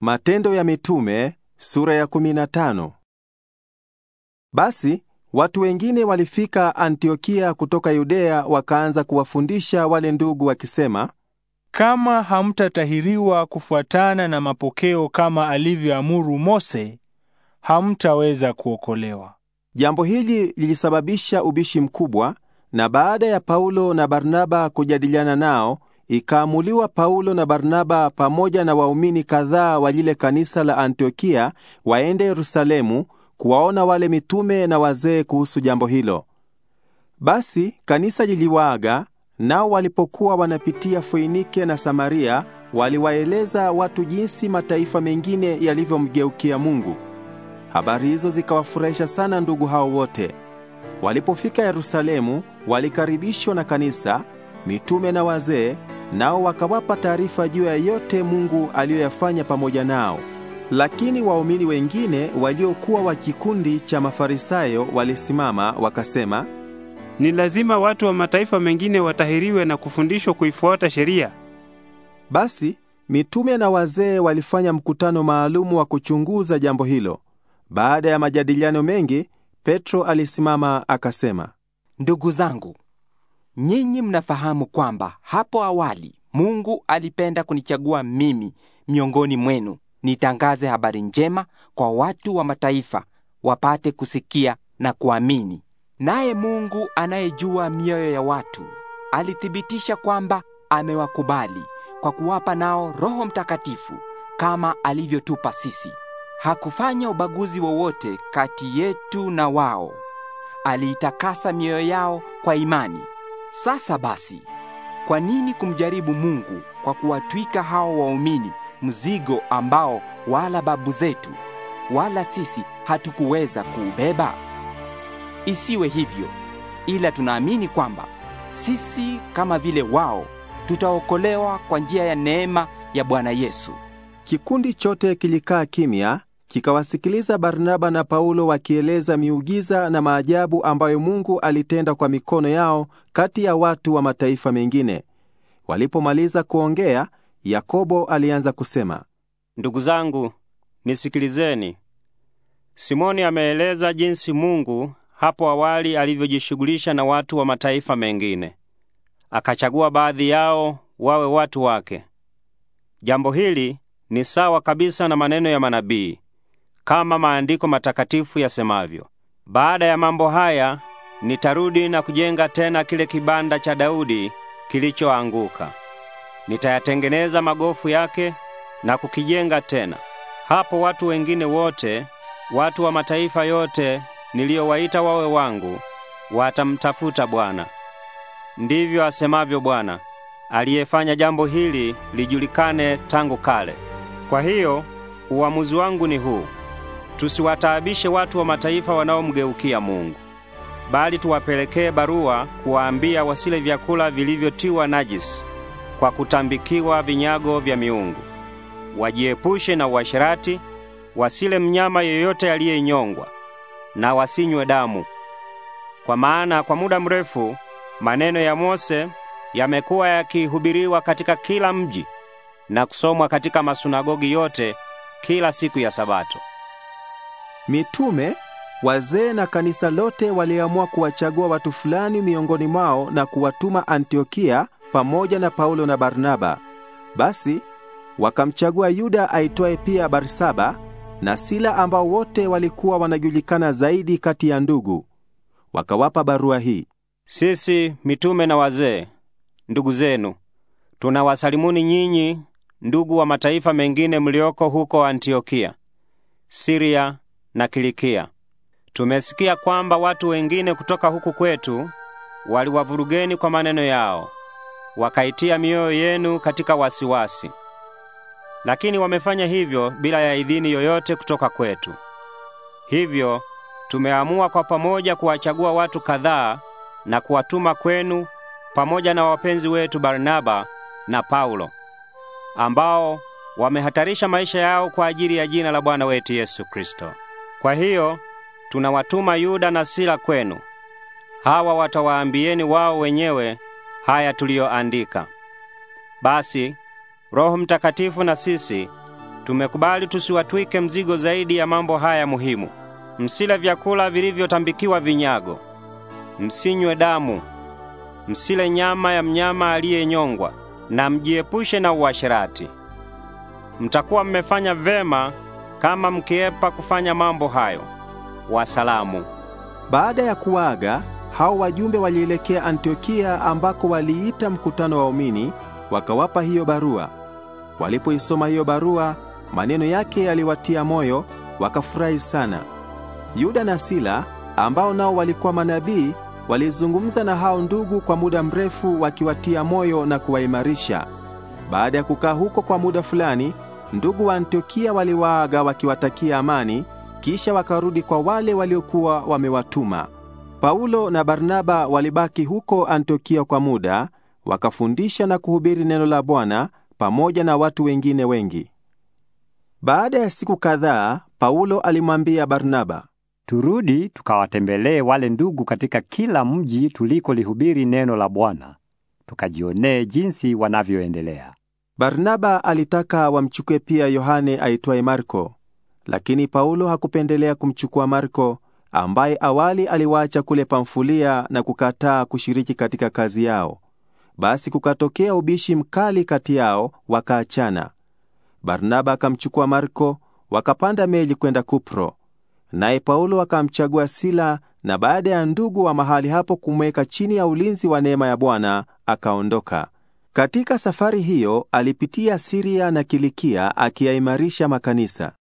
Matendo ya Mitume sura ya 15. Basi watu wengine walifika Antiokia kutoka Yudea wakaanza kuwafundisha wale ndugu wakisema, kama hamtatahiriwa kufuatana na mapokeo kama alivyoamuru Mose, hamtaweza kuokolewa. Jambo hili lilisababisha ubishi mkubwa, na baada ya Paulo na Barnaba kujadiliana nao Ikaamuliwa Paulo na Barnaba pamoja na waumini kadhaa wa lile kanisa la Antiokia waende Yerusalemu kuwaona wale mitume na wazee kuhusu jambo hilo. Basi kanisa liliwaaga, nao walipokuwa wanapitia Foinike na Samaria, waliwaeleza watu jinsi mataifa mengine yalivyomgeukia Mungu. Habari hizo zikawafurahisha sana ndugu hao wote. Walipofika Yerusalemu, walikaribishwa na kanisa, mitume na wazee nao wakawapa taarifa juu ya yote Mungu aliyoyafanya pamoja nao. Lakini waumini wengine waliokuwa wa kikundi cha Mafarisayo walisimama wakasema, ni lazima watu wa mataifa mengine watahiriwe na kufundishwa kuifuata sheria. Basi mitume na wazee walifanya mkutano maalumu wa kuchunguza jambo hilo. Baada ya majadiliano mengi, Petro alisimama akasema, ndugu zangu, Nyinyi mnafahamu kwamba hapo awali Mungu alipenda kunichagua mimi miongoni mwenu nitangaze habari njema kwa watu wa mataifa wapate kusikia na kuamini. Naye Mungu anayejua mioyo ya watu alithibitisha kwamba amewakubali kwa kuwapa nao Roho Mtakatifu kama alivyotupa sisi. Hakufanya ubaguzi wowote kati yetu na wao. Aliitakasa mioyo yao kwa imani. Sasa basi, kwa nini kumjaribu Mungu kwa kuwatwika hao waumini mzigo ambao wala babu zetu wala sisi hatukuweza kuubeba? Isiwe hivyo, ila tunaamini kwamba sisi kama vile wao tutaokolewa kwa njia ya neema ya Bwana Yesu. Kikundi chote kilikaa kimya kikawasikiliza Barnaba na Paulo wakieleza miujiza na maajabu ambayo Mungu alitenda kwa mikono yao kati ya watu wa mataifa mengine. Walipomaliza kuongea, Yakobo alianza kusema, ndugu zangu, nisikilizeni. Simoni ameeleza jinsi Mungu hapo awali alivyojishughulisha na watu wa mataifa mengine, akachagua baadhi yao wawe watu wake. Jambo hili ni sawa kabisa na maneno ya manabii kama maandiko matakatifu yasemavyo, baada ya mambo haya nitarudi na kujenga tena kile kibanda cha Daudi kilichoanguka. Nitayatengeneza magofu yake na kukijenga tena. Hapo watu wengine wote, watu wa mataifa yote niliyowaita wawe wangu, watamtafuta Bwana. Ndivyo asemavyo Bwana aliyefanya jambo hili lijulikane tangu kale. Kwa hiyo uamuzi wangu ni huu: Tusiwataabishe watu wa mataifa wanaomgeukia Mungu, bali tuwapelekee barua kuwaambia wasile vyakula vilivyotiwa najisi kwa kutambikiwa vinyago vya miungu. Wajiepushe na uasherati, wasile mnyama yoyote aliyenyongwa na wasinywe damu. Kwa maana kwa muda mrefu maneno ya Mose yamekuwa yakihubiriwa katika kila mji na kusomwa katika masunagogi yote kila siku ya Sabato. Mitume, wazee na kanisa lote waliamua kuwachagua watu fulani miongoni mwao na kuwatuma Antiokia pamoja na Paulo na Barnaba. Basi wakamchagua Yuda aitwaye pia Barsaba na Sila ambao wote walikuwa wanajulikana zaidi kati ya ndugu. Wakawapa barua hii: Sisi mitume na wazee, ndugu zenu, tunawasalimuni nyinyi ndugu wa mataifa mengine mlioko huko Antiokia, Siria na Kilikia. Tumesikia kwamba watu wengine kutoka huku kwetu waliwavurugeni kwa maneno yao, wakaitia mioyo yenu katika wasiwasi. Lakini wamefanya hivyo bila ya idhini yoyote kutoka kwetu. Hivyo tumeamua kwa pamoja kuwachagua watu kadhaa na kuwatuma kwenu pamoja na wapenzi wetu Barnaba na Paulo ambao wamehatarisha maisha yao kwa ajili ya jina la Bwana wetu Yesu Kristo. Kwa hiyo tunawatuma Yuda na Sila kwenu. Hawa watawaambieni wao wenyewe haya tuliyoandika. Basi Roho Mtakatifu na sisi tumekubali tusiwatwike mzigo zaidi ya mambo haya muhimu. Msile vyakula vilivyotambikiwa vinyago. Msinywe damu. Msile nyama ya mnyama aliyenyongwa na mjiepushe na uasherati. Mtakuwa mmefanya vema kama mkiepa kufanya mambo hayo. Wasalamu. Baada ya kuaga, hao wajumbe walielekea Antiokia ambako waliita mkutano wa waumini, wakawapa hiyo barua. Walipoisoma hiyo barua, maneno yake yaliwatia moyo, wakafurahi sana. Yuda na Sila ambao nao walikuwa manabii walizungumza na hao ndugu kwa muda mrefu wakiwatia moyo na kuwaimarisha. Baada ya kukaa huko kwa muda fulani, Ndugu wa Antiokia waliwaaga wakiwatakia amani, kisha wakarudi kwa wale waliokuwa wamewatuma. Paulo na Barnaba walibaki huko Antiokia kwa muda, wakafundisha na kuhubiri neno la Bwana pamoja na watu wengine wengi. Baada ya siku kadhaa, Paulo alimwambia Barnaba, "Turudi tukawatembelee wale ndugu katika kila mji tulikolihubiri neno la Bwana, tukajionee jinsi wanavyoendelea." Barnaba alitaka wamchukue pia Yohane aitwaye Marko, lakini Paulo hakupendelea kumchukua Marko ambaye awali aliwaacha kule Pamfulia na kukataa kushiriki katika kazi yao. Basi kukatokea ubishi mkali kati yao, wakaachana. Barnaba akamchukua Marko, wakapanda meli kwenda Kupro. Naye Paulo akamchagua Sila, na baada ya ndugu wa mahali hapo kumweka chini ya ulinzi wa neema ya Bwana, akaondoka. Katika safari hiyo alipitia Siria na Kilikia akiyaimarisha makanisa.